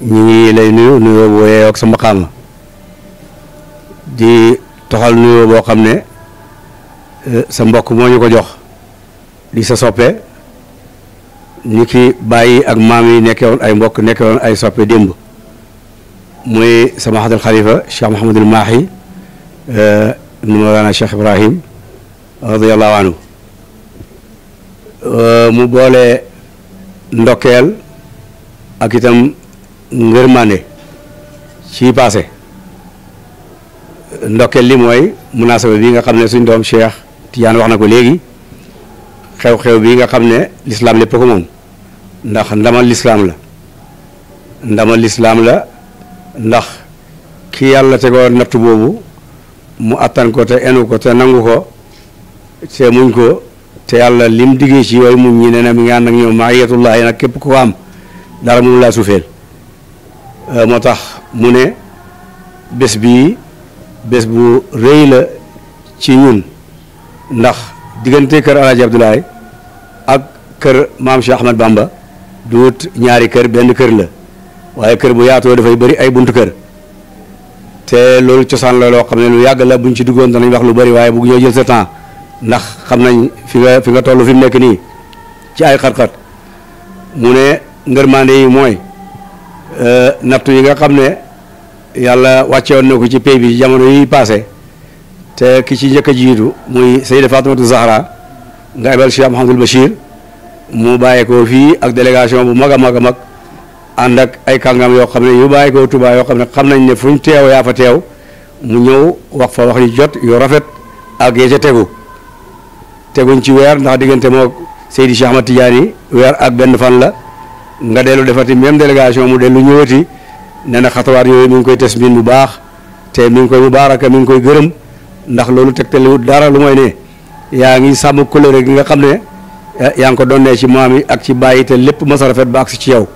ñu ngi lay nuyu nuyoo bu wéyoo ak di toxal nuyoo boo xam ne eh, sa mbokk moo ñu ko jox di sa soppe ñu fi bàyyi ak maam yi nekkewoon ay mbokk nekkewoon ay soppe démb muy sama xadal xalifa Cheikh Mahamadul Maahi eh, nu Mawlana Ibrahim radiallahu anhu eh, mu boole ndokkeel ak itam ngërmande ci passé ndokkeel li mooy munaasaba bi nga xam ne suñ doom Cheikh Tidiane wax na ko léegi xew-xew bi nga xam ne lislaam lépp ko moom ndax ndamal lislaam la ndamal lislaam la ndax ki yàlla tegoo natt boobu mu àttan ko te enu ko te nangu ko te muñ ko te yàlla lim diggee ci yooyu muñ ñi ne ne mi ngi ànd ak nag képp ko am dara moom laa suufeel euh, moo tax mu ne bés bi bés bu rëy la ci ñun ndax diggante kër Alaaji Abdoulaye ak kër maam Cheikh Ahmad Bamba duut ñaari kër benn kër la waaye kër bu yaatoo dafay bari ay buntu kër te loolu cosaan la loo xam ne lu yàgg la buñ ci duggoon danañ wax lu bëri waaye bugg ñoo jël sa ndax xam nañ fi nga fi nga toll fi mu nekk nii ci ay xat-xat mu ne ngërmande yi mooy euh, nattu yi nga xam ne yàlla wàccewoon na ko ci pays bi jamono yi passé te ki ci njëkk a jiitu muy Sayida Fatimatu Zahra nga ebal Cheikh Mouhamadul Bachir mu bàyyeekoo fii ak délégation bu mag a mag a mag ànd ak ay kàngam yoo xam ne yu bàyyeekoo tubaa yoo xam ne xam nañ ne fu ñu teew yaa fa teew mu ñëw wax fa wax yu jot yu rafet ak yee ca tegu teguñ ci weer ndax diggante moo Seydi Cheikh Ahmad Tidiane weer ak benn fan la nga dellu defati même délégation mu dellu ñëwati nee na xatawaat yooyu mi ngi koy tes miin bu baax te mi ngi koy mubaaraka mi ngi koy gërëm ndax loolu tegtaliwut dara lu moy ne yaa ngi sàmm kóllëre gi nga xam ne Eh, yaa ngi ko donnee ci maam yi ak ci bàyyi te lépp mos rafet ba agsi ci yow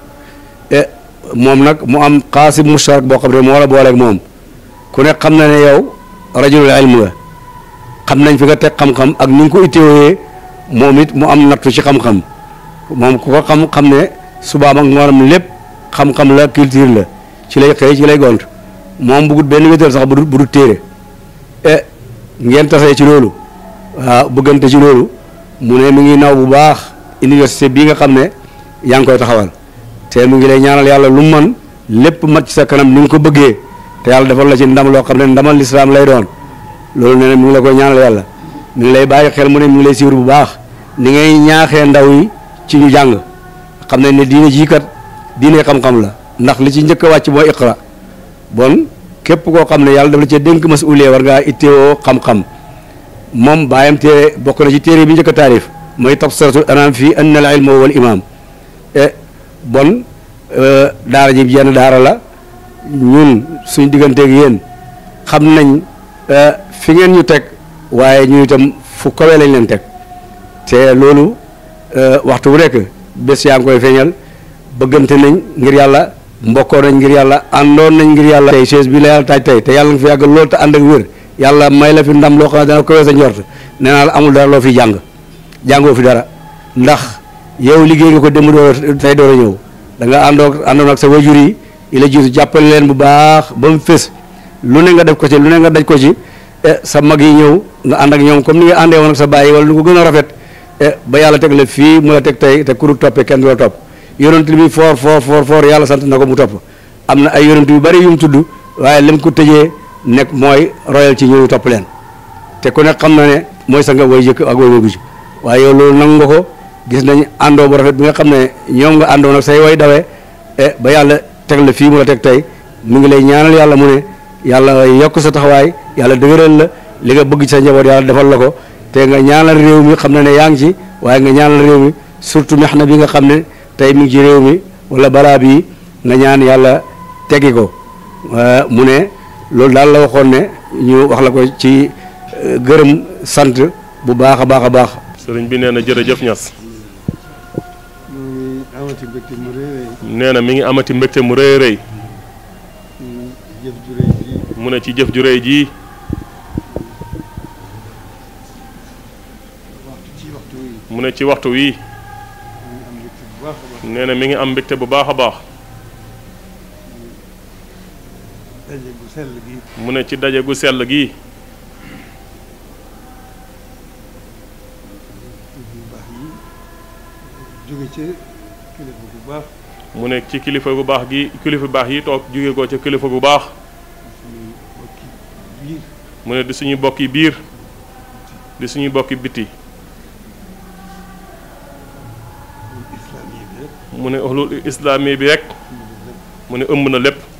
eh, moom nag mu am xaasib mustarak boo xam ne moo la booleeg moom ku ne xam na ne yow rajulul ilm nga xam nañ fi nga teg xam-xam ak ni ko itteewee moom it mu am nattu ci xam-xam moom ku ko xam xam ne subaam ak lépp xam-xam la culture la ci lay xëy ci lay gont moom bugut benn wétal sax bu du téere eh, ngeen tasee ci loolu waaw bëggante ci loolu mu ne mu ngi naw bu baax université bii nga xam ne yaa ngi koy taxawal te mu ngi lay ñaanal yàlla lu man lépp mat ci sa kanam ni nga ko bëggee te yàlla defal la ci ndam loo xam ne ndamal lislaam lay doon loolu nee na mu ngi la koy ñaanal yàlla mu ngi lay bàyyi xel mu ne mu ngi lay siwir bu baax ni ngay ñaaxee ndaw yi ci ñu jàng xam ne ne diine jii kat diine xam-xam la ndax li ci njëkk a wàcc mooy iqra bon képp koo xam ne yàlla daf la cee dénk masuulee war ngaa itteewoo xam-xam moom baayam téere bokk na ci téere bi njëkk a taarif mooy tabsaratul anam fii anna al ilma wal imam e, bon e, daara ji jenn daara la ñun suñ digganteeg yéen xam nañ e, fi ngeen ñu teg waaye ñu itam fu kawee lañ leen teg te loolu waxtu bu nekk bés yaa ngi koy feeñal bëggante nañ ngir yàlla mbokkoo nañ ngir yàlla àndoon nañ ngir yàlla tey chaise bi la yàlla taaj tey te yàlla nga fi yàgg loolu te ànd ak wér yàlla may la fi ndam loo xam ne dana ko weesu njort nee la amul dara loo fi jàng jàngoo fi dara ndax yow liggéey nga ko dem door tey door a ñëw da nga àndoo àndoon ak sa wajur yi yi la jiitu jàppale leen bu baax ba mu fés lu ne nga def ko ci lu ne nga daj ko ci eh, sa mag yi ñëw nga ànd ak ñoom comme ni nga àndee woon ak sa bàyyi wala lu ko gën a rafet eh, ba yàlla teg la fii mu la teg tey te ku du toppee kenn du la topp yonent bi foor foor foor foor yàlla sant na ko mu topp am na ay yonent yu bari yu mu tudd nekk mooy royal ci ñooñu topp leen te ko nekk xam na ne mooy sa nga way jëkk ak way mujj waaye yow loolu nangu nga ko gis nañ àndoo bu rafet bi nga xam ne ñoom nga àndoon ak say way e, ba yàlla teg la fii mu la teg tey mu ngi lay ñaanal yàlla mu ne yàlla yokk sa taxawaay yàlla dëgëral la li nga bëgg sa njaboot yàlla defal la ko te nga ñaanal réew mi xam na ne yaa ngi ci waaye nga ñaanal réew mi surtout mex na bi nga xam ne tey mu ngi ci réew mi wala balaa bii nga ñaan yàlla teggi ko mu ne loolu daal la waxoon ne ñu wax la ko ci euh, gërëm sant bu baax a baax a baax. sëriñ bi nee na jërëjëf Niass. mu na mi ngi amati mbégte mu rëy rëy. jëf ju mu ne ci jëf ju rëy ji. mu ne ci waxtu wii. nee na mi ngi am mbégte bu baax a baax. daje gu mu ne ci daje gu sell gii. ci mu ne ci kilifa bu baax gi kilifa baax yi toog jóge ko ca kilifa bu baax. mu ne di suñu bokki biir. di suñu bokki biti. mu ne ahlul islaami bi rek. mu ne ëmb na lépp.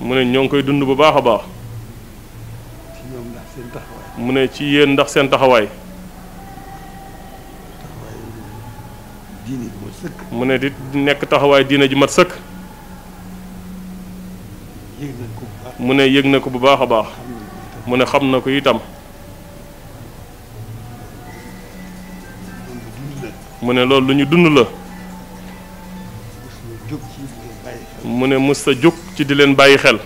mu ne ñoo koy dund bu baax a baax. mu ne ci yéen ndax seen taxawaay. mu ne di nekk taxawaay diine ji mat sëkk. mu ne yëg na ko bu baax a baax. mu ne xam na ko itam. mu ne loolu lu ñu dund la. mu ne mës sa jóg ci di leen bàyyi xel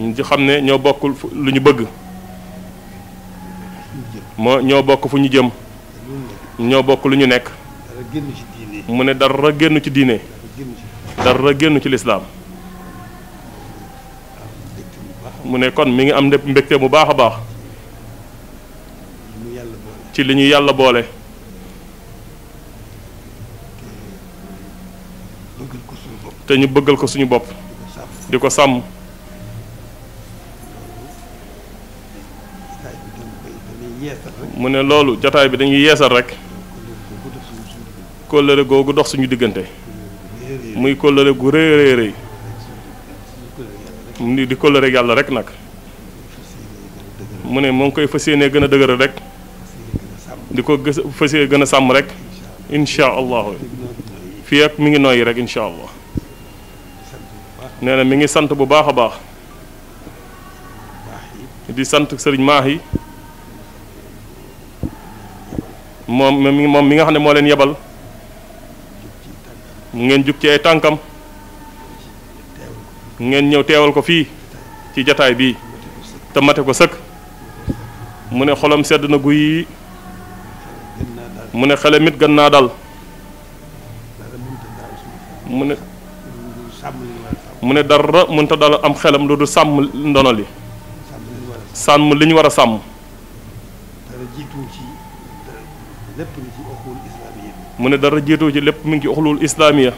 ñu ci xam ne ñoo bokkul lu ñu bëgg moo ñoo bokk fu ñu jëm ñoo bokk lu ñu nekk mu ne dara génn ci diine dara génn ci lislaam mu ne kon mi ngi am ndépp mbégte bu baax a baax ci li ñu yàlla boole te ñu bëggal ko suñu bopp di ko sàmm mu ne loolu jataay bi dañuy yeesal rek kóllëre googu dox suñu diggante muy kóllëre gu rëy rëy rëy ni di kóllëre yàlla rek nag mu ne moo ngi koy fas yéenee gën a dëgëral rek di ko gës fas yéenee gën a sàmm rek incha allahu fii ak mi ngi nooyi rek incha allah nee na mi ngi sant bu baax a baax di sant sëriñ maax yi moom moom mi nga xam ne moo leen yebal mu ngeen jug ci ay tànkam ngeen ñëw teewal ko fii ci jataay bii te mate ko sëkk mu ne xolam sedd na guy mu ne xelam it gën naa dal mu ne mu ne dara mënta a dal am xelam lu dul sàmm ndono li sàmm li ñu war a sàmm mu ne dara jiitu ci lépp mu ngi ci uxlul islaamiya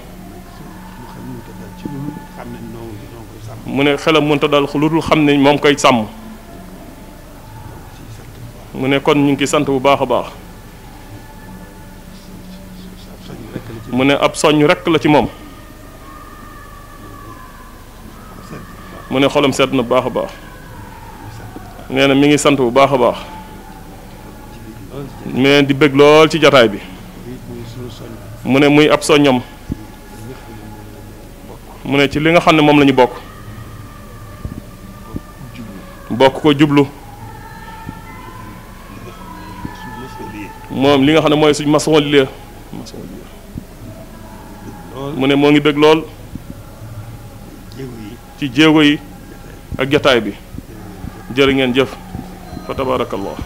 mu ne xelam mënta a dal lu dul xam ne moom koy sàmm mu ne kon ñu ngi sant bu baax a baax mu ne ab soññ rekk la ci moom mu ne xolam sedd na baax a baax nee na mi ngi sant bu baax a baax mais di bëgg lool ci jataay bi mu ne muy ab soññam mu ne ci li nga xam ne moom la bokk bokk jublu moom li nga xam ne mooy suñ maçon lie mu moo ngi bëgg lool ci jéego yi ak jataay bi jërë ngeen jëf fa tabaarakallah